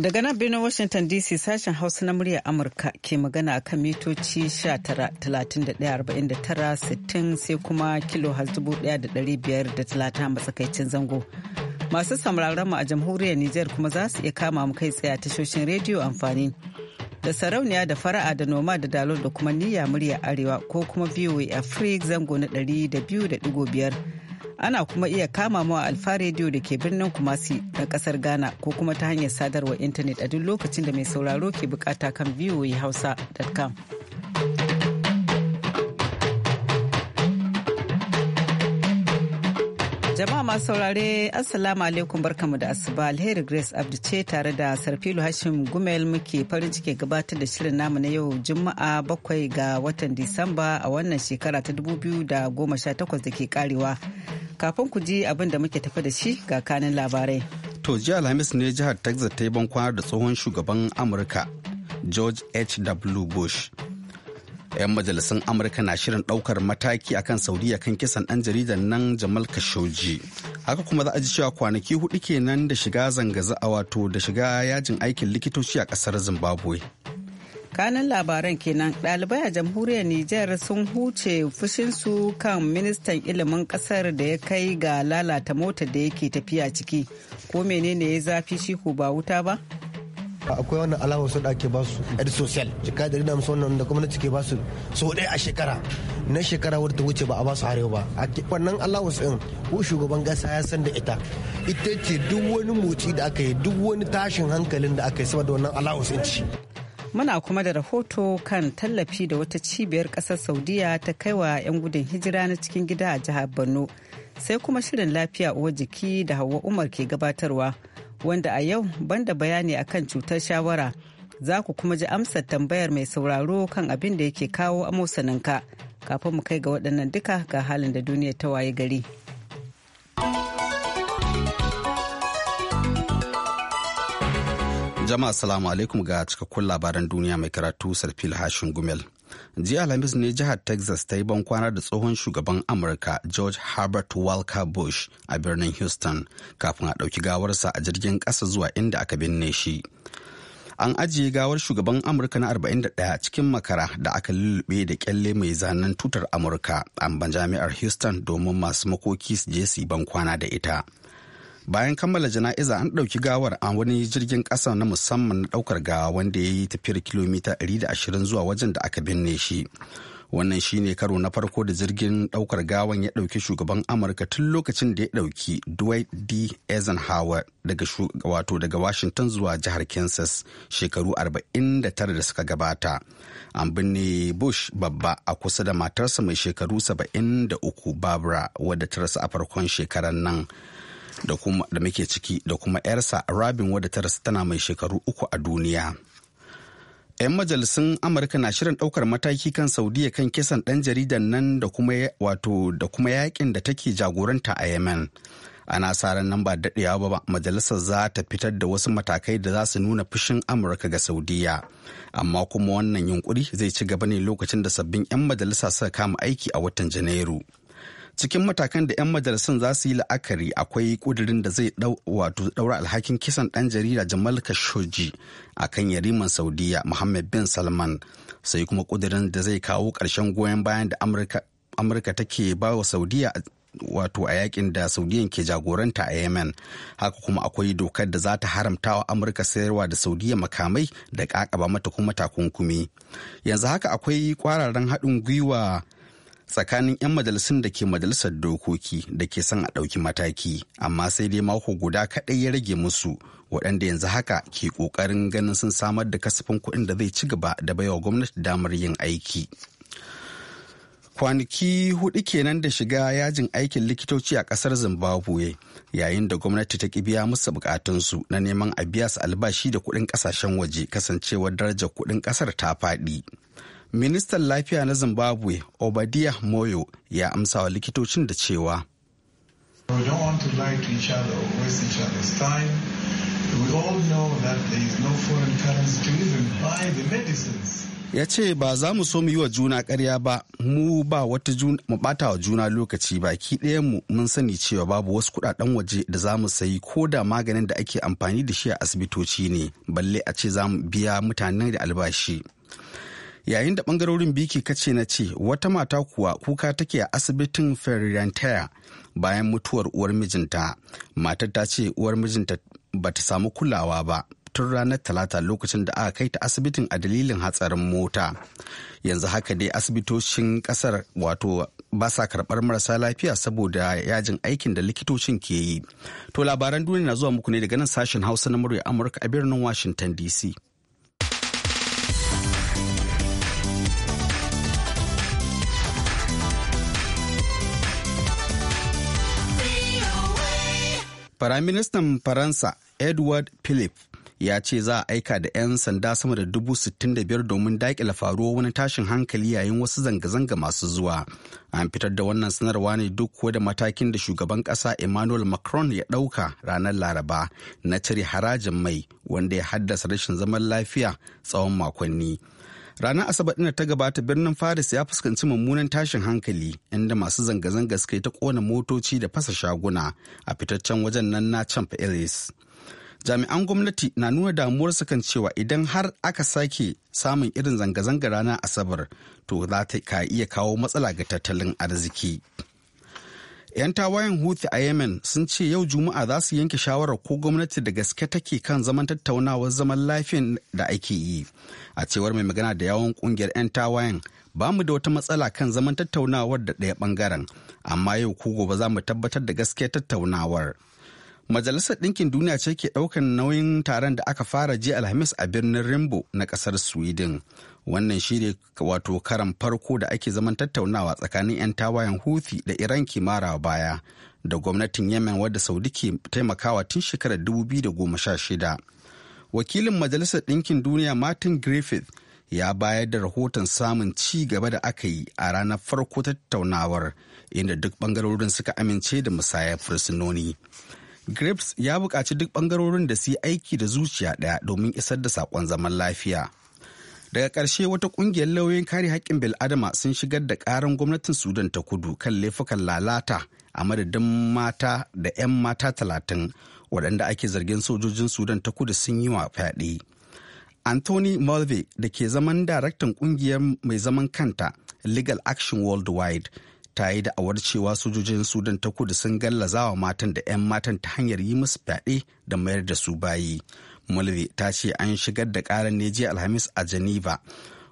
Daga nan birnin Washington DC sashen Hausa na muryar Amurka ke magana kan mitoci sittin sai kuma kilo 1,530 matsakaicin zango. Masu sauraron mu a jamhuriyar Nijar kuma za su iya kama mu kai tsaye tashoshin rediyo amfani da sarauniya da fara'a da noma da dalol da kuma niyya murya arewa ko kuma VOA Africa zango na 200.5 ana kuma iya kama mu a alfa rediyo da ke birnin kumasi na kasar ghana ko kuma ta hanyar sadarwar intanet a duk lokacin da mai sauraro ke bukata kan voahausa.com jama'a masu saurare assalamu alaikum barkamu da asuba alheri grace abdu ce tare da sarfilu hashim gumel muke farin ciki gabatar da shirin namu na yau juma'a bakwai ga watan disamba a wannan shekara ta 2018 da ke karewa kafin ku ji abin da muke tafi da shi ga kanin labarai. To jiya Alhamis ne jihar Texas ta yi bankwana da tsohon shugaban Amurka George H.W. Bush. 'Yan majalisun Amurka na shirin ɗaukar mataki akan Saudiya kan kisan ɗan jaridar nan Jamal Khashoggi. Haka kuma za a ji cewa kwanaki hudu kenan da shiga zanga-za'a wato da shiga yajin aikin likitoci a ƙasar Zimbabwe. kanan labaran kenan ɗalibai a jamhuriyar nijar sun huce fushinsu kan ministan ilimin ƙasar da ya kai ga lalata motar da yake tafiya ciki ko menene ya zafi shi ko ba wuta ba akwai wannan alamar su da ake ba su ed social jika da rina musamman kuma na cike ba su so ɗaya a shekara na shekara wadda ta wuce ba a ba su harewa ba a wannan allowance din ko shugaban gasa ya san da ita ita ce duk wani motsi da aka yi duk wani tashin hankalin da aka yi saboda wannan allowance din ci Muna kuma da rahoto kan tallafi da wata cibiyar ƙasar Saudiya ta kai wa 'yan gudun hijira na cikin gida a jihar Borno. Sai kuma shirin lafiya uwa jiki da Hauwa Umar ke gabatarwa, wanda a yau banda bayani akan cutar shawara. Za ku kuma ji amsar tambayar mai sauraro kan abin da yake kawo amosaninka. Kafin mu kai ga waɗannan duka ga halin da duniya ta waye gari. Jama'a salamu alaikum ga cikakkun labaran duniya mai karatu Sarfil Hashin Gumel. Jiya Alhamis ne jihar Texas ta yi bankwana da tsohon shugaban Amurka George Herbert Walker Bush a birnin Houston kafin a ɗauki gawarsa a jirgin ƙasa zuwa inda aka binne shi. An ajiye gawar shugaban Amurka na 41 cikin makara da aka lullube da kyalle mai zanen tutar Amurka a jami'ar Houston domin masu makoki su je su yi bankwana da ita. bayan kammala jana'iza an ɗauki gawar a wani jirgin kasa na musamman na ɗaukar gawa wanda ya yi tafiyar kilomita 120 zuwa wajen da aka binne shi wannan shine karo na farko da jirgin ɗaukar gawan ya ɗauki shugaban amurka tun lokacin da ya ɗauki dwight d eisenhower daga wato daga washington zuwa jihar kansas shekaru 49 da suka gabata an binne bush babba a kusa da matarsa mai shekaru 73 barbara wadda ta rasa a farkon shekarar nan da muke ciki da kuma 'yarsa rabin wadda ta rasu tana mai shekaru uku a duniya. 'yan majalisun amurka na shirin ɗaukar mataki kan saudiya kan kisan ɗan jaridan nan da kuma wato da kuma yakin da take jagoranta a yemen ana sa ran nan ba daɗewa ba majalisar za ta fitar da wasu matakai da za su nuna fushin amurka ga saudiya amma kuma wannan yunkuri zai ci gaba ne lokacin da sabbin 'yan majalisa suka kama aiki a watan janairu cikin matakan da 'yan majalisun za su yi la'akari akwai kudirin da zai wato daura alhakin kisan ɗan jarida jamal Kashoji a kan yariman saudiya muhammad bin salman sai kuma kudirin da zai kawo ƙarshen goyon bayan da amurka take ba wa saudiya wato a yakin da saudiyan ke jagoranta a yemen haka kuma akwai dokar da za ta haramta wa amurka sayarwa da saudiya makamai da kakaba mata kuma takunkumi yanzu haka akwai kwararren haɗin gwiwa tsakanin 'yan majalisun da ke majalisar dokoki da ke son a ɗauki mataki amma sai dai mako guda kaɗai ya rage musu waɗanda yanzu haka ke ƙoƙarin ganin sun samar da kasafin kuɗin da zai ci gaba da baiwa gwamnati damar yin aiki kwanaki hudu kenan da shiga yajin aikin likitoci a ƙasar zimbabwe yayin da gwamnati ta biya musu bukatunsu na neman a biya su albashi da kuɗin ƙasashen waje kasancewar darajar kuɗin ƙasar ta faɗi ministan lafiya na zimbabwe obadiah moyo ya amsa wa likitocin da cewa ya ce ba za mu so mu yi wa juna karya ba mu ba wata mu bata wa juna lokaci baki mu mun sani cewa babu wasu kudaden waje da za mu sayi ko da maganin da ake amfani da shi a asibitoci ne balle a ce za mu biya mutanen da albashi yayin da bangarorin biki kace na ce wata mata kuwa kuka take a asibitin ferrantaya bayan mutuwar uwar mijinta matar ta ce uwar mijinta ba ta samu kulawa ba tun ranar talata lokacin da aka kai ta asibitin a dalilin hatsarin mota yanzu haka dai asibitocin kasar wato ba sa karbar marasa lafiya saboda yajin aikin da likitocin ke yi to labaran duniya na zuwa muku ne daga nan sashen hausa na murya amurka a birnin washington dc Firaministan Faransa Edward Philip ya ce za a aika da 'yan sanda sama da dubu sittin biyar domin daƙila faruwa wani tashin hankali yayin wasu zanga-zanga masu zuwa. An fitar da wannan sanarwa ne duk da matakin da shugaban ƙasa Emmanuel Macron ya ɗauka ranar Laraba na cire harajin mai wanda ya haddasa rashin zaman lafiya tsawon makonni. ranar asabar ɗin ta gabata birnin faris ya fuskanci mummunan tashin hankali inda masu zanga-zanga suka yi ta kona motoci da fasa shaguna a fitaccen wajen nan na champ ellis jami'an gwamnati na nuna su kan cewa idan har aka sake samun irin zanga-zanga ranar asabar to za ta iya kawo matsala ga tattalin arziki. 'Yan tawayen Houthi a Yemen sun ce yau Juma'a za su yanke shawarar ko gwamnati da gaske take kan zaman tattaunawar zaman lafiyan da ake yi. A cewar mai magana da yawon kungiyar 'yan tawayen ba mu da wata matsala kan zaman tattaunawar da ɗaya bangaren amma yau ko gobe za mu tabbatar da gaske tattaunawar. Majalisar Ɗinkin Duniya ce ke ɗaukar nauyin taron da aka fara jiya Alhamis a birnin Rimbo na ƙasar Sweden. wannan shirya wato karan farko da ake zaman tattaunawa tsakanin 'yan tawayen huthi da iran kimara baya da gwamnatin yemen wadda saudi ke taimakawa tun shekarar 2016 wakilin majalisar ɗinkin duniya martin griffith ya bayar da rahoton samun ci gaba da aka yi a ranar farko tattaunawar inda duk bangarorin suka amince da musayar fursunoni griffith ya buƙaci duk bangarorin da su yi aiki da zuciya ɗaya domin isar da saƙon zaman lafiya daga ƙarshe wata ƙungiyar lauyoyin kare haƙƙin bil'adama sun shigar da ƙaran gwamnatin sudan ta kudu kan laifukan lalata a madadin mata da 'yan mata talatin waɗanda ake zargin sojojin sudan ta kudu sun yi wa fyaɗe anthony mulvey da ke zaman daraktan ƙungiyar mai zaman kanta legal action worldwide ta yi da'awar cewa sojojin sudan ta kudu sun gallazawa matan da 'yan matan ta hanyar yi musu fyaɗe da mayar da su bayi mulri ta ce an shigar da karan ne alhamis a geneva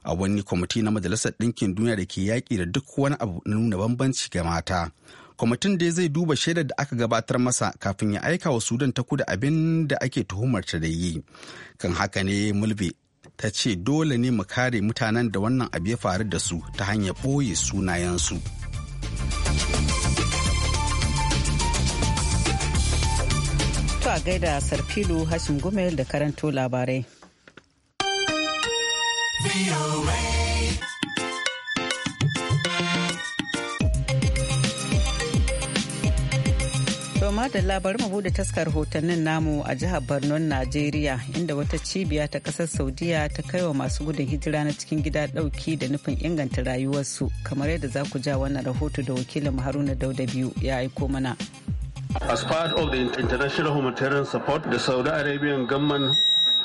a wani kwamiti na majalisar ɗinkin duniya da ke yaƙi da duk wani abu na nuna bambanci ga mata kwamitin dai zai duba shaidar da aka gabatar masa kafin ya aika wa sudan ta kuda abin da ake tuhumar ta da yi kan haka ne mulbe ta ce dole ne mu kare mutanen da wannan abu ya faru da su ta hanyar ɓoye sunayensu. zuwa a gaida Sarfilu Hashim Gumel da karanto labarai. Toma da labarin bude taskar hotonin namu a jihar Barnon Najeriya inda wata cibiya ta kasar Saudiya ta kai wa masu gudun hijira na cikin gida dauki da nufin inganta rayuwarsu kamar yadda za ku ja wannan rahoto da wakilin Haruna Dauda biyu ya aiko mana. As part of the international humanitarian support, the Saudi Arabian government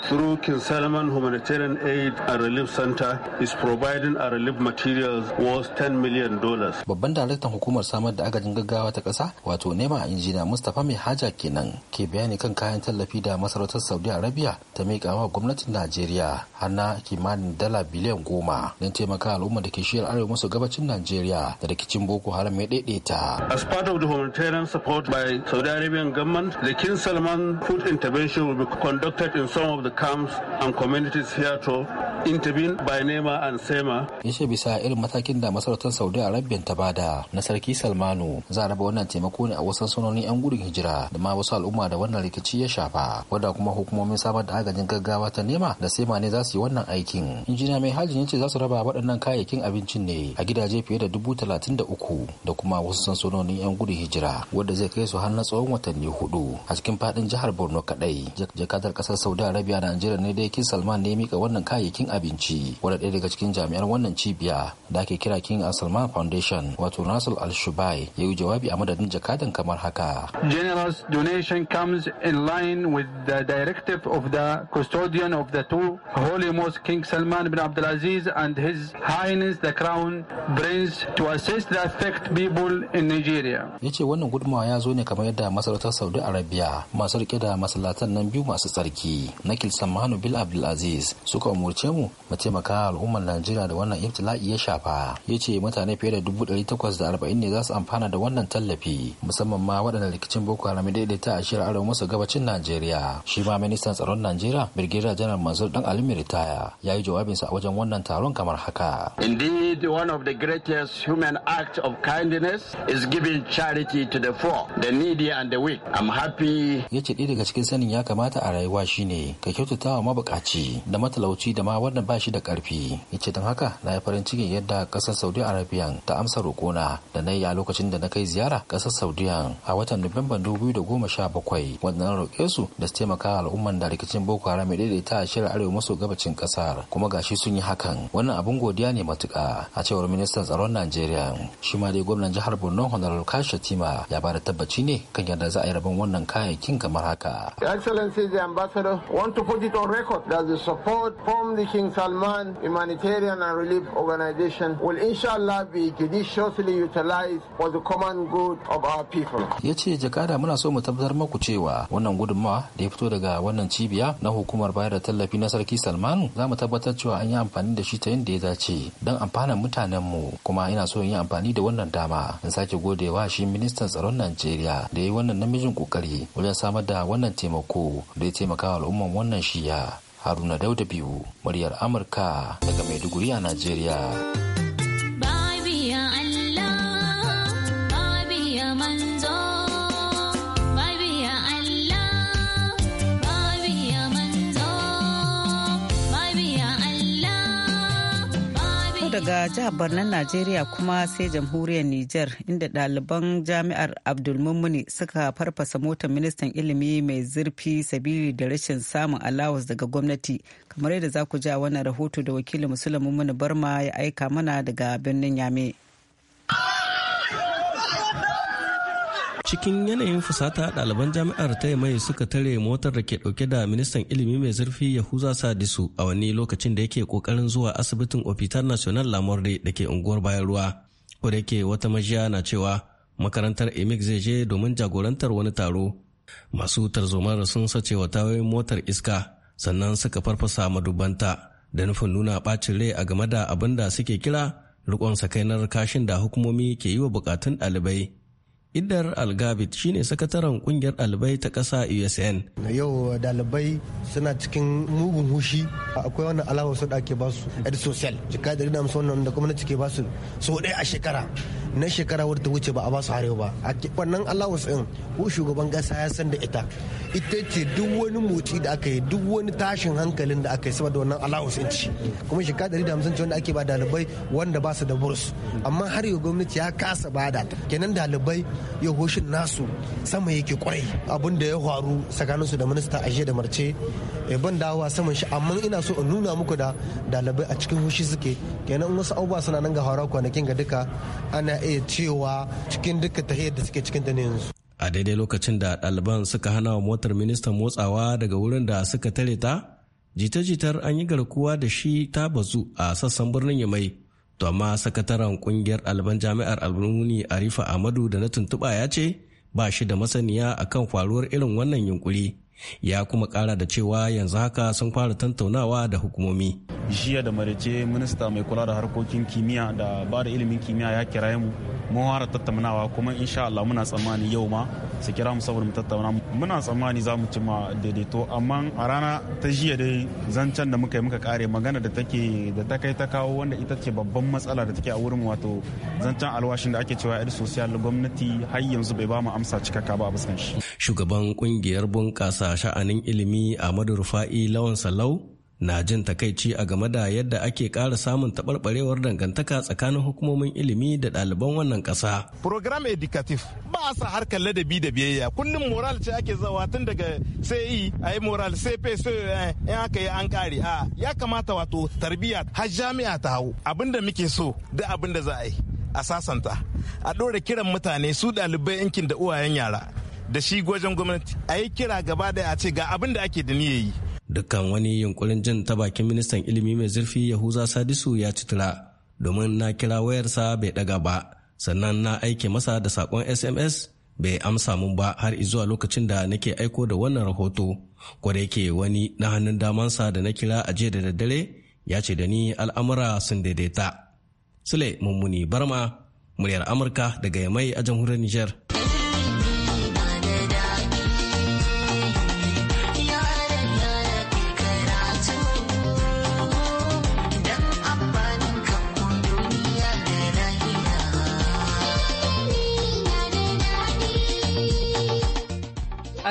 through King Salman Humanitarian Aid and Relief Center is providing a relief materials worth 10 million dollars. Babban daraktan hukumar samar da agajin gaggawa ta ƙasa wato nema Injina Mustapha Mai Haja kenan ke bayani kan kayan tallafi da masarautar Saudi Arabia ta miƙa wa gwamnatin Najeriya har na kimanin dala biliyan goma don taimaka al'umma da ke shiyar arewa maso gabacin Najeriya da rikicin Boko Haram ya daidaita. As part of the humanitarian support by Saudi Arabian government, the King Salman Food Intervention will be conducted in some of the camps and communities here to intervene by NEMA and SEMA. Ya ce bisa irin matakin da masarautar Saudi Arabia ta bada na sarki Salmanu za a raba wannan taimako ne a wasu sansanonin 'yan gudun hijira da ma wasu al'umma da wannan rikici ya shafa. Wadda kuma hukumomin samar da agajin gaggawa ta NEMA da SEMA ne za su yi wannan aikin. Injiniya mai hajjin ya ce za su raba waɗannan kayayyakin abincin ne a gidaje fiye da dubu talatin da uku da kuma wasu sansanonin 'yan gudun hijira wadda zai kai su har na tsawon watanni hudu a cikin faɗin jihar Borno kaɗai. Jakadar ƙasar Saudi Arabia cibiya Najeriya ne dai King Salman ne mika wannan kayayyakin abinci wanda ɗaya daga cikin jami'an wannan cibiya da ake kira King Salman Foundation wato Nasir Al-Shubai ya yi jawabi a madadin jakadan kamar haka. Generous donation comes in line with the directive of the custodian of the two holy mosques King Salman bin Abdulaziz and his highness the crown prince to assist the affected people in Nigeria. yace wannan gudunmawa ya zo ne kamar yadda masarautar Saudi Arabia masu rike da masallatan nan biyu masu tsarki na wakil sammanu bil abdulaziz suka umurce mu mu taimaka al'ummar najeriya da wannan ibtila'i ya shafa ya ce mutane fiye da dubu ɗari takwas da arba'in ne za su amfana da wannan tallafi musamman ma waɗanda rikicin boko haram daidaita a shirar arewa masu gabacin najeriya shi ma ministan tsaron najeriya birgira janar mansur dan alimi ritaya ya yi jawabinsa a wajen wannan taron kamar haka indeed one of the greatest human acts of kindness is giving charity to the poor the needy and the weak i'm happy ya ce ɗaya daga cikin sanin ya kamata a rayuwa shine ka wa mabukaci da matalauci da ma wanda ba shi da karfi yace don haka na yi farin cikin yadda kasar saudi arabia ta amsa roƙona da na yi a lokacin da na kai ziyara kasar saudiya a watan nuwamban 2017 wanda na roƙe su da su taimaka al'umman da rikicin boko haram ya daidaita a shirin arewa maso gabacin kasar kuma gashi sun yi hakan wannan abun godiya ne matuka a cewar ministan tsaron najeriya shi ma dai gwamnan jihar borno honorable kashi tima ya ba da tabbaci ne kan yadda za a yi rabon wannan kayayyakin kamar haka. excellency the ambassador want to put it on record that the support from the King Salman Humanitarian and Relief Organization will inshallah be judiciously utilized for the common good of our people. Ya ce jakada muna so mu tabbatar maku cewa wannan gudunmawa da ya fito daga wannan cibiya na hukumar bayar da tallafi na sarki Salman za mu tabbatar cewa an yi amfani da shi ta yadda ya dace don mutanen mutanenmu kuma ina so in yi amfani da wannan dama in sake godewa shi ministan tsaron Najeriya da ya yi wannan namijin kokari wajen samar da wannan taimako da ya taimaka al'umman wannan wannan shiya haruna dauda biyu muryar amurka daga maiduguri a najeriya daga jihar birnin Najeriya kuma sai jamhuriyar Nijar inda ɗaliban jami'ar Abdulmumuni suka farfasa motar ministan ilimi mai zurfi sabili da rashin samun alawas daga gwamnati kamar yadda za ku ja wannan rahoto da wakilin musulmin Barma ya aika mana daga birnin Yame. cikin yanayin fusata ɗaliban jami'ar ta mai suka tare motar da ke ɗauke da ministan ilimi mai zurfi yahuza sadisu a wani lokacin da yake kokarin zuwa asibitin ofitar national lamorde da ke unguwar bayan ruwa ko yake wata majiya na cewa makarantar emic zai je domin jagorantar wani taro masu tarzomar sun sace wa tawayin motar iska sannan suka farfasa madubanta da nufin nuna ɓacin rai a game da abin da suke kira rikon sakainar kashin da hukumomi ke yi wa bukatun ɗalibai idar algabit shine sakataren kungiyar ɗalibai ta kasa usn yau dalibai suna cikin mugun hushi akwai wani alawar da ake basu ed social jika da rina wannan da gwamnati ke basu sau ɗaya a shekara na shekara wata ta wuce ba a ba su arewa ba a wannan allowance din ko shugaban gasa ya san da ita ita ce duk wani motsi da aka yi duk wani tashin hankalin da aka yi saboda wannan allowance din ci kuma shekara dari da hamsin ce wanda ake ba dalibai wanda ba su da burs amma har yau gwamnati ya kasa ba da ta kenan dalibai ya hoshin nasu sama yake kwarai abin da ya faru tsakanin su da minista ashe da marce eh, ban dawowa saman shi amma ina so in nuna muku da dalibai a cikin hoshi suke kenan wasu abubuwa suna nan ga hawara kwanakin ga duka ana iya cewa cikin duka tahiyar da suke cikin ta ne yanzu a daidai lokacin da ɗaliban suka hana wa motar ministan motsawa daga wurin da suka tare ta jita-jitar an yi garkuwa da shi ta bazu a sassan birnin yamai to amma sakataren kungiyar ɗaliban jami'ar albuni arifa ahmadu da na tuntuɓa ya ce ba shi da masaniya akan faruwar irin wannan yunkuri ya kuma kara da cewa yanzu haka sun fara tantaunawa da hukumomi jiya da marece minista mai kula da harkokin kimiyya da ba da ilimin kimiyya ya kira mu mun fara tattaunawa kuma insha Allah muna tsammani yau ma su kira mu saboda mu tattauna muna tsammani za mu cima daidaito amma a rana ta jiya dai zancen da muka yi muka kare magana da take da ta kai ta kawo wanda ita ce babban matsala da take a wurin wato zancen alwashin da ake cewa yar social gwamnati har yanzu bai ba mu amsa cikakka ba a bisan shi shugaban kungiyar bunkasa sha'anin ilimi Ahmadu Rufa'i Lawan Salau na jin takaici a game da yadda ake ƙara samun taɓarɓarewar dangantaka tsakanin hukumomin ilimi da ɗaliban wannan ƙasa. Program educative ba sa harkar ladabi da biyayya kullum moral ce ake zawa tun daga sai e, a yi moral sai fe so in aka yi an kare a ya kamata wato tarbiyya har jami'a ta hau da muke so da da za a yi a sasanta a ɗora kiran mutane su ɗalibai yankin da uwayen yara da shi gwajin gwamnati a yi kira gaba da a ce ga abin da ake da niyya yi dukkan wani yunkurin jin ta bakin ministan ilimi mai zurfi yahuza sadisu ya ci tura domin na kira wayarsa bai daga ba sannan na aike masa da sakon sms bai amsa mun ba har izuwa lokacin da nake aiko da wannan rahoto ko da yake wani na hannun damansa da na kira a da daddare ya ce da ni al'amura sun daidaita sule mummuni barma muryar amurka daga yamai a jamhuriyar niger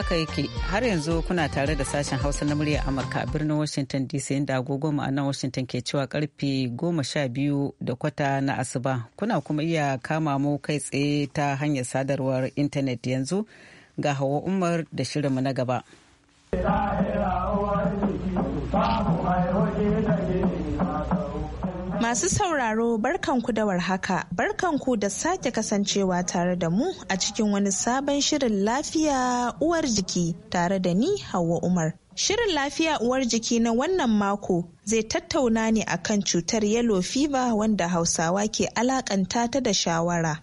haka yake har yanzu kuna tare da sashen hausa na murya amurka a birnin washington dc inda agogo a washington ke cewa karfe goma sha biyu da kwata na asuba kuna kuma iya kama mu kai tsaye ta hanyar sadarwar intanet yanzu ga hawa umar da shirinmu na gaba Masu sauraro barkanku da warhaka, barkanku da sake kasancewa tare da mu a cikin wani sabon shirin lafiya uwar jiki tare da ni Hauwa Umar. Shirin lafiya uwar jiki na wannan mako zai tattauna ne akan cutar yellow fever wanda Hausawa ke alakanta ta da shawara.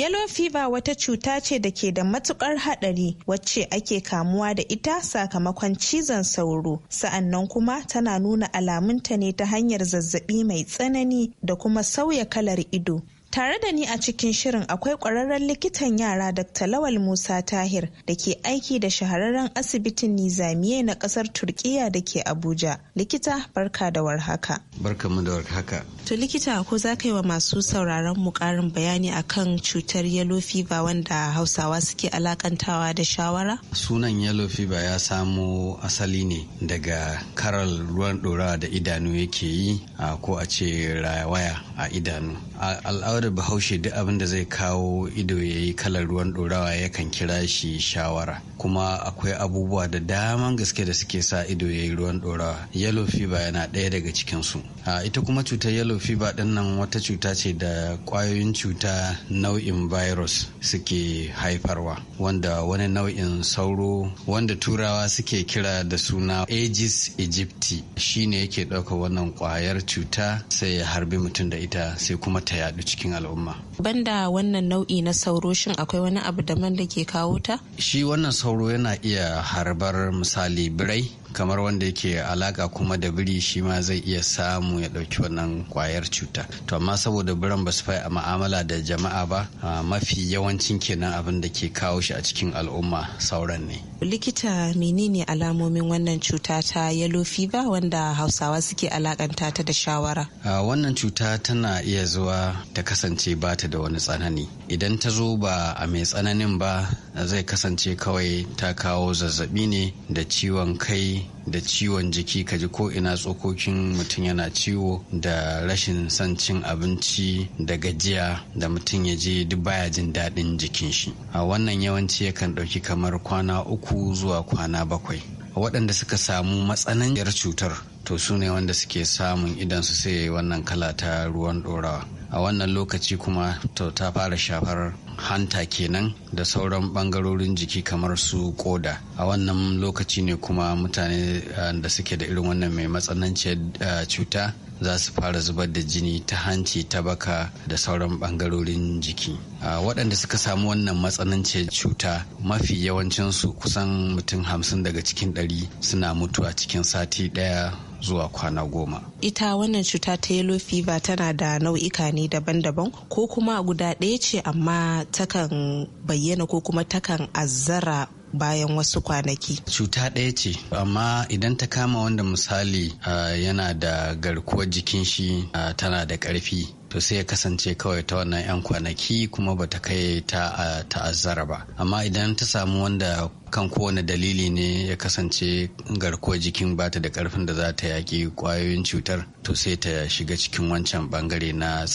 Yellow fever wata cuta ce da ke da matukar haɗari wacce ake kamuwa da ita sakamakon cizon sauro. Sa'annan kuma tana nuna alamunta ne ta hanyar zazzabi mai tsanani da kuma sauya kalar ido. Tare da ni a cikin shirin akwai ƙwararren likitan yara Dr. Lawal Musa Tahir da ke aiki da shahararren asibitin Nizamiye na ƙasar Turkiyya da ke Abuja. Likita barka da warhaka. Barka mu da warhaka. To likita ko za ka yi wa masu sauraron mu ƙarin bayani akan cutar yellow fever wanda Hausawa suke alakantawa da shawara? Sunan yellow fever ya samo asali ne daga karal ruwan ɗorawa da idanu yake yi ko a ce rawaya a idanu. al'adar bahaushe duk abin da zai kawo ido ya yi kalar ruwan ɗorawa yakan kira shi shawara kuma akwai abubuwa da daman gaske da suke sa ido ya yi ruwan ɗorawa yellow fever yana ɗaya daga cikinsu ita kuma cutar yellow fever ɗin nan wata cuta ce da ƙwayoyin cuta nau'in virus suke haifarwa wanda wani nau'in sauro wanda turawa suke kira da suna aegis aegypti shine yake ɗauka wannan ƙwayar cuta sai ya harbi mutum da ita sai kuma ta yadu cikin al'umma. Banda wannan nau'i na sauro shin akwai wani abu da man da ke kawo ta? Shi wannan sauro yana iya harbar misali birai kamar wanda yake alaka kuma da biri shi ma zai iya samu ya ɗauki wannan kwayar cuta to amma saboda biran ba su fai a ma'amala da jama'a ba mafi yawancin kenan abin da ke kawo shi a cikin al'umma sauran ne likita menene alamomin wannan cuta ta yellow fever wanda hausawa suke alakanta ta da shawara wannan cuta tana iya zuwa ta kasance ba ta da wani tsanani idan ta zo ba a mai tsananin ba zai kasance kawai ta kawo zazzabi ne da ciwon kai da ciwon jiki kaji ko ina tsokokin mutum yana ciwo da rashin son cin abinci da gajiya da mutum ya je duk baya jin daɗin jikin shi a wannan yawanci yakan ɗauki kamar kwana uku zuwa kwana bakwai waɗanda suka samu matsananiyar cutar to su ne wanda suke samun idan su sai wannan kala ta ruwan ɗorawa a wannan lokaci kuma to ta fara shafar hanta kenan da sauran bangarorin jiki kamar su koda a wannan lokaci ne kuma mutane eh, da suke da irin wannan mai matsananciyar eh, cuta za su fara zubar da jini ta hanci ta baka da sauran bangarorin jiki waɗanda suka samu wannan matsananciyar cuta mafi yawancinsu kusan mutum hamsin daga cikin ɗari suna mutuwa cikin sati ɗaya zuwa kwana goma. Ita wannan cuta ta yellow fever tana da nau'ika ne daban-daban ko kuma guda ɗaya ce amma takan bayyana ko kuma takan azzara bayan wasu kwanaki. Cuta ɗaya ce, amma idan ta kama wanda misali uh, yana da garkuwar jikin shi uh, tana da ƙarfi to sai ya kasance kawai ta wannan 'yan kwanaki kuma ba ta kai ta ta'azzara ba amma idan ta samu wanda kan kowane dalili ne ya kasance garkuwar jikin bata da karfin da za ta yaƙi kwayoyin cutar to sai ta shiga cikin wancan bangare na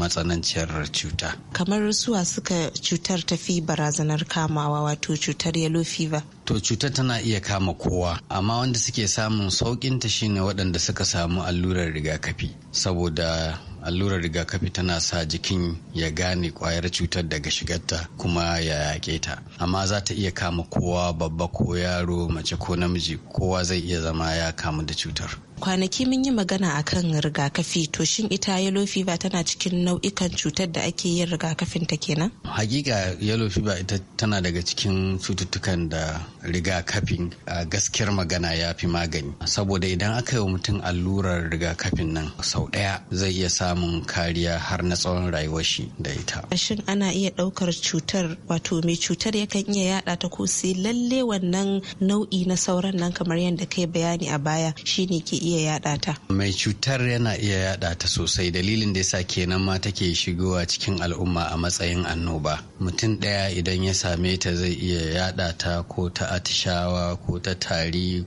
matsananciyar cuta kamar suwa suka cutar tafi barazanar kamawa wato cutar yellow fever to cutar tana iya kama kowa amma wanda suke samun ta shine waɗanda suka samu allurar rigakafi saboda allurar rigakafi tana sa jikin ya gane kwayar cutar daga shigarta kuma ya yaƙe ta amma za ta iya kama kowa babba ko yaro mace ko namiji kowa zai iya zama ya kamu da cutar kwanaki mun yi magana akan rigakafi to shin ita yellow fever tana cikin nau'ikan cutar da ake yin rigakafin ta kenan hakika yellow fever ita tana daga cikin cututtukan da rigakafin a gaskiyar magana ya fi magani saboda idan aka yi wa mutum allurar rigakafin nan sau ɗaya zai iya samun kariya har na tsawon rayuwar shi da ita shin ana iya ɗaukar cutar wato mai cutar yakan iya yada ta ko sai lalle wannan nau'i na sauran nan kamar yadda kai bayani a baya shine ke iya yada ta mai cutar yana iya yada ta sosai dalilin da yasa kenan ma take shigowa cikin al'umma a matsayin annoba mutum ɗaya idan ya same ta zai iya yada ta ko ta atishawa ko ta tari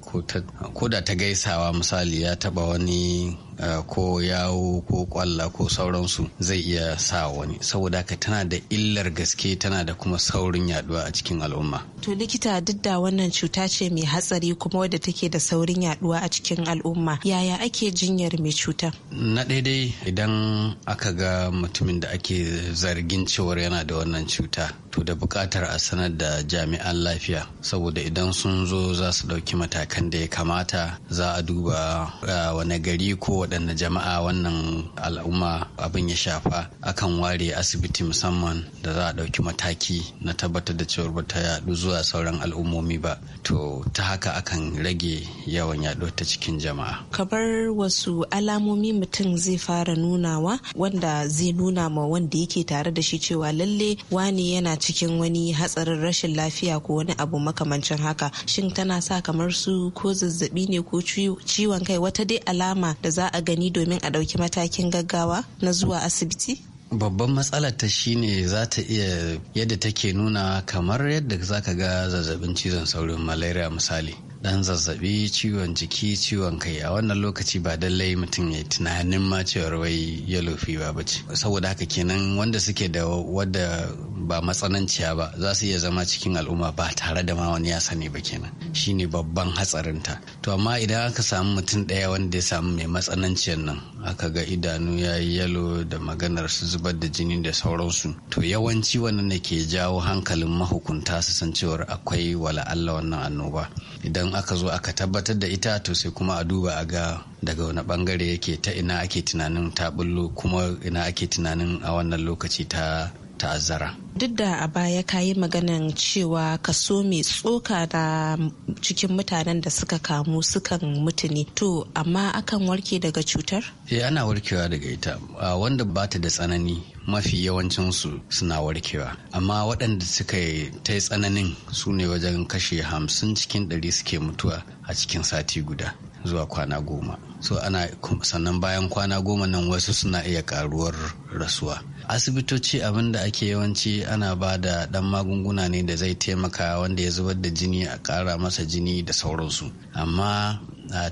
ko da ta gaisawa misali ya taba wani ko yawo ko kwalla ko sauransu zai iya sa wani saboda haka tana da illar gaske tana da kuma saurin yaduwa a cikin al'umma to likita duk da wannan cuta ce mai hatsari kuma wadda take da saurin yaduwa a cikin al'umma yaya ake jinyar mai cuta na daidai idan aka ga mutumin da ake zargin cewar yana da wannan cuta to da buƙatar a sanar da jami'an lafiya saboda idan sun zo za su ɗauki matakan da ya kamata za a duba wani gari ko waɗanne jama'a wannan al'umma abin ya shafa akan ware asibiti musamman da za a ɗauki mataki na tabbatar da cewar ba ta yaɗu zuwa sauran al'ummomi ba to ta haka akan rage yawan yadu ta cikin jama'a kabar wasu alamomi mutum zai fara nunawa wanda zai nuna ma wanda yake tare da shi cewa lalle wani yana cikin wani hatsarin rashin lafiya ko wani abu makamancin haka shin tana sa kamar su ko zazzabi ne ko ciwon kai wata dai alama da za a gani domin a ɗauki matakin gaggawa na zuwa asibiti babban matsala ta shine za ta iya yadda take nuna kamar yadda za ka ga zazzabin cizon saurin malaria misali dan zazzabi ciwon jiki ciwon kai a wannan lokaci ba dallai mutum ya tunanin ma cewar wai yellow fever ba ce saboda haka kenan wanda suke da wadda ba matsananciya ba za su iya zama cikin al'umma ba tare da ma wani ya sani ba kenan shine babban hatsarinta to amma idan aka samu mutum ɗaya wanda ya samu mai matsananciyar nan aka ga idanu ya yi yalo da maganar su zubar da jini da sauransu to yawanci wannan ne ke jawo hankalin mahukunta su san cewar akwai wala Allah wannan annoba idan aka zo aka tabbatar da ita to sai kuma a duba a ga daga wani bangare yake ta ina ake tunanin ta bullo kuma ina ake tunanin a wannan lokaci ta ta'azzara. Duk da a baya ka yi maganan cewa kaso mai tsoka da cikin mutanen da suka kamu sukan mutu To, amma akan warke daga cutar? e ana warkewa daga ita. Wanda ba ta da tsanani mafi yawancinsu suna warkewa. Amma waɗanda suka yi ta tsananin su ne wajen kashe hamsin cikin ɗari suke mutuwa a cikin sati guda zuwa kwana goma. so ana sannan bayan kwana goma nan wasu suna iya karuwar rasuwa asibitoci abin da ake yawanci ana ba da dan magunguna ne da zai taimaka wanda ya zubar da jini a ƙara masa jini da sauransu amma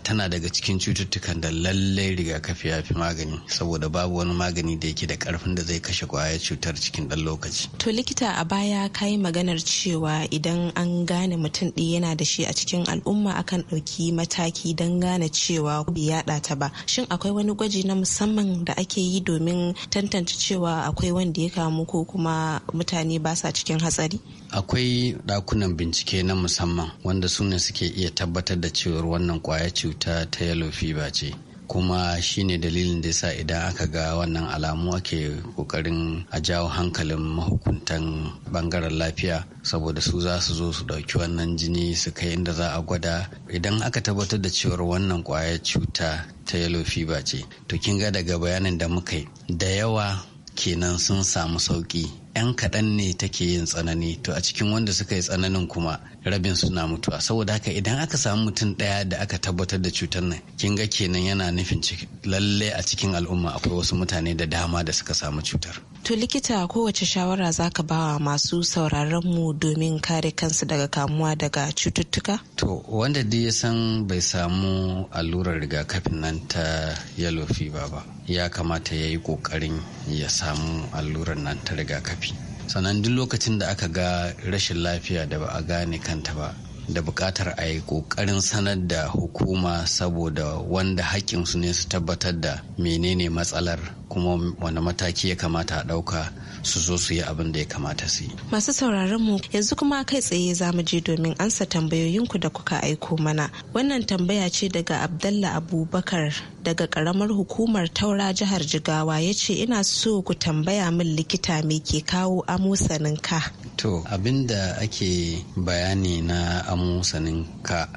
tana daga cikin cututtukan da lallai rigakafi ya fi magani saboda babu wani magani da yake da karfin da zai kashe kwayar cutar cikin dan lokaci. To likita a baya ka yi maganar cewa idan an gane mutum ɗin yana da shi a cikin al'umma akan ɗauki mataki don gane cewa bai yaɗa ta ba. Shin akwai wani gwaji na musamman da ake yi domin tantance cewa akwai wanda ya kamu ko kuma mutane ba sa cikin hatsari? akwai ɗakunan bincike na musamman wanda su ne suke iya tabbatar da cewar wannan kwaya cuta ta yellow fever ce kuma shine dalilin da ya sa idan aka ga wannan alamu ake kokarin a jawo hankalin mahukuntan bangaren lafiya saboda su za su zo su ɗauki wannan jini su kai inda za a gwada idan aka tabbatar da cewar wannan ƙwayar cuta ta yellow fever ce to kin ga daga bayanin da muka yi da yawa kenan sun samu sauƙi. 'yan kaɗan ne take yin tsanani to a cikin wanda suka yi tsananin kuma rabin suna mutuwa saboda haka idan aka samu mutum ɗaya da aka tabbatar da cutar nan kin ga kenan yana nufin lalle a cikin al'umma akwai wasu mutane da dama da suka samu cutar To likita kowace shawara za ka bawa masu sauraron mu domin kare kansu daga kamuwa daga cututtuka? To wanda dai ya san bai samu allurar rigakafin nan ta yellow fever ba ya kamata ya yi kokarin ya samu allurar nan ta rigakafi. sannan duk lokacin da aka ga rashin lafiya da ba a gane kanta ba da buƙatar a yi ƙoƙarin sanar da hukuma saboda wanda haƙƙinsu ne su tabbatar da menene matsalar kuma wani mataki ya kamata a ɗauka su zo su yi abin da ya kamata su yi. Masu sauraron mu yanzu kuma kai tsaye za mu je domin ansa tambayoyinku da kuka aiko mana. Wannan tambaya ce daga Abdallah Abubakar daga karamar hukumar Taura jihar Jigawa ya ce ina so ku tambaya min likita me ke kawo amosanin ka. To abin da ake bayani na amosanin ka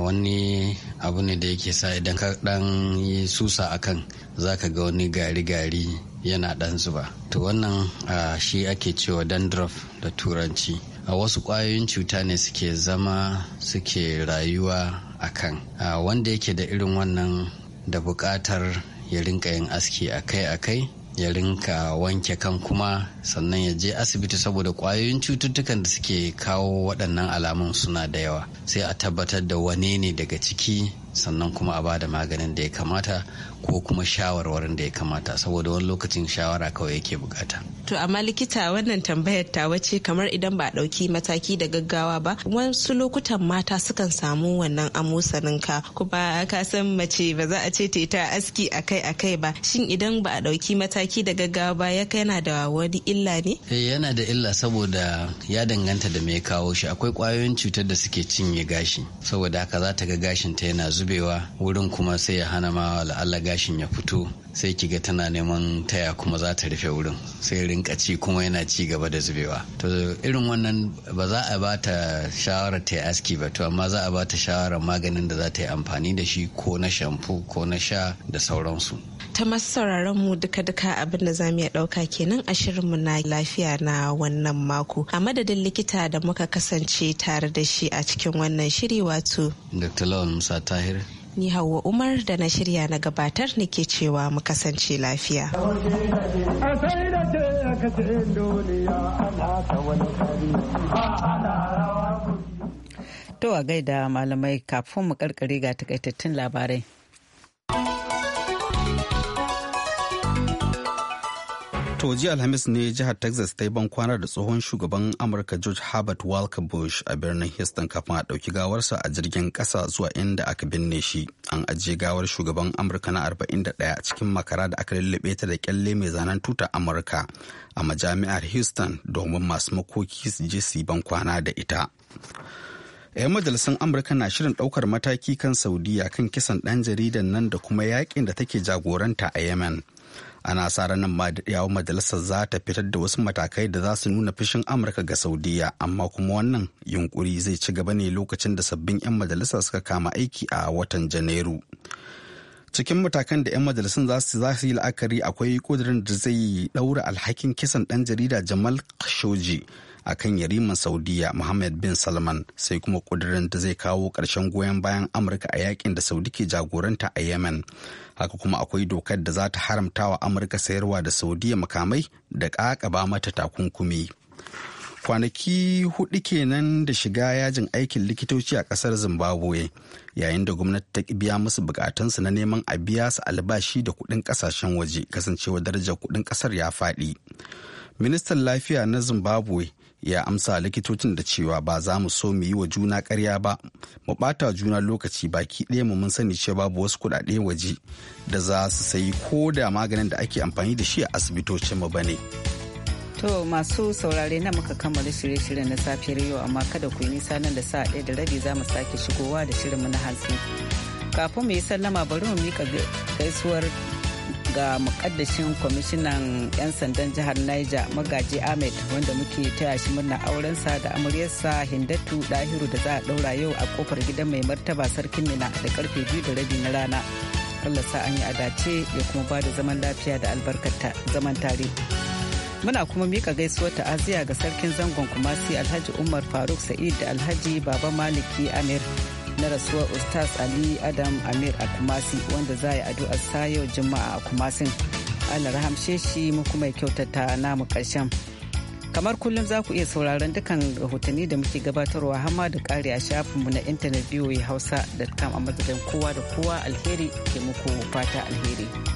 wani abu ne da yake sa idan ka dan yi susa akan zaka ga wani gari-gari yana ɗan zuba to wannan shi ake cewa dandruff da turanci a wasu ƙwayoyin cuta ne suke zama suke rayuwa a kan wanda yake da irin wannan da buƙatar ya rinka yin aski akai-akai ya rinka wanke kan kuma sannan ya je asibiti saboda kwayoyin cututtukan da suke kawo waɗannan alamun suna da yawa sai a tabbatar da wane ne daga ciki sannan kuma a bada maganin da ya kamata ko kuma shawarwarin da ya kamata saboda wani lokacin shawara kawai yake bukata. To amma likita wannan tambayar ta wace kamar idan ba a ɗauki mataki da gaggawa ba wasu lokutan mata sukan samu wannan amosanin ka kuma ka san mace ba za a ce ta aski akai akai ba shin idan ba a ɗauki mataki da gaggawa ba ya kai yana da wani illa ne? Eh, yana da illa saboda ya danganta da me ya kawo shi akwai kwayoyin cutar da suke cinye gashi saboda haka za ta ga gashin ta yana zubi zubewa wurin kuma sai ya hana ma la'alla gashin ya fito sai ki ga tana neman taya kuma za ta rufe wurin sai rinka ci kuma yana ci gaba da zubewa to irin wannan ba za a ba ta shawarar ta aski ba to amma za a ba ta shawarar maganin da za ta yi amfani da shi ko na shamfu ko na sha da sauransu ta masauraran mu duka-duka abin da za mu iya ɗauka kenan a shirinmu na lafiya na wannan mako. A madadin likita da muka kasance tare da shi a cikin wannan shiri wato. Dr. Lawal Musa Tahir. Ni Hauwa Umar da na shirya na gabatar nake cewa mu kasance lafiya. To a gaida malamai kafin mu karkare ga takaitattun labarai. To jiya Alhamis ne jihar Texas ta yi bankwana da tsohon shugaban Amurka George Herbert Walker Bush a birnin Houston kafin a ɗauki gawarsa a jirgin kasa zuwa inda aka binne shi. An ajiye gawar shugaban Amurka na 41 a cikin makara da aka lullube ta da kyalle mai zanen tuta Amurka a majami'ar Houston domin masu makoki su je su yi bankwana da ita. 'yan majalisun amurka na shirin daukar mataki kan saudiya kan kisan ɗan jaridan nan da kuma yakin da take jagoranta a yemen ana sa ranar ma da yawon majalisar za ta fitar da wasu matakai da za su nuna fushin amurka ga saudiya amma kuma wannan yunkuri zai ci gaba ne lokacin da sabbin 'yan majalisar suka kama aiki a watan janairu cikin matakan da 'yan majalisun za su yi la'akari akwai kudurin da zai daura alhakin kisan dan jarida jamal khashoggi akan yariman saudiya muhammad bin salman sai kuma kudirin da zai kawo ƙarshen goyon bayan amurka a yakin da saudi ke jagoranta a yemen haka kuma akwai dokar da za ta haramta wa amurka sayarwa da saudiya makamai da ba mata takunkumi kwanaki hudu kenan da shiga yajin aikin likitoci a ƙasar zimbabwe yayin da gwamnati ta biya musu bukatunsu na neman a biya su albashi da kuɗin ƙasashen waje kasancewa darajar kuɗin ƙasar ya faɗi ministan lafiya na zimbabwe ya amsa likitocin da cewa ba za mu so mu yi wa juna karya ba mu ɓata juna lokaci baki ɗaya mu mun sani cewa babu wasu kuɗaɗe waje da za su sayi ko da maganin da ake amfani da shi a asibitocin mu bane. To masu saurare na muka kammala shirye-shiryen na safiyar yau amma kada ku yi nisa nan da sa ɗaya da rabi za mu sake shigowa da shirin mu na hantsi. Kafin mu yi sallama bari mu miƙa gaisuwar ga mukaddashin kwamishinan 'yan sandan jihar niger magaji ahmed wanda muke taya shi murna aurensa da amaryarsa hindatu dahiru da za a daura yau a kofar gidan mai martaba sarkin mina da karfe biyu da rabi na rana allah sa an yi a dace ya kuma ba da zaman lafiya da albarkata zaman tare muna kuma mika gaisuwar ta'aziyya ga sarkin zangon kumasi alhaji umar faruk sa'id da alhaji baba maliki amir na rasuwar ustaz ali adam amir a kumasi wanda za a yi addu'ar sa yau juma'a a kumasin allah rahamshe shi muku mai kyautata namu karshen kamar kullum za ku iya sauraron dukkan rahotanni da muke gabatarwa hamma da kare a shafinmu na intanet voa hausa.com a madadin kowa da kowa alheri ke muku fata alheri.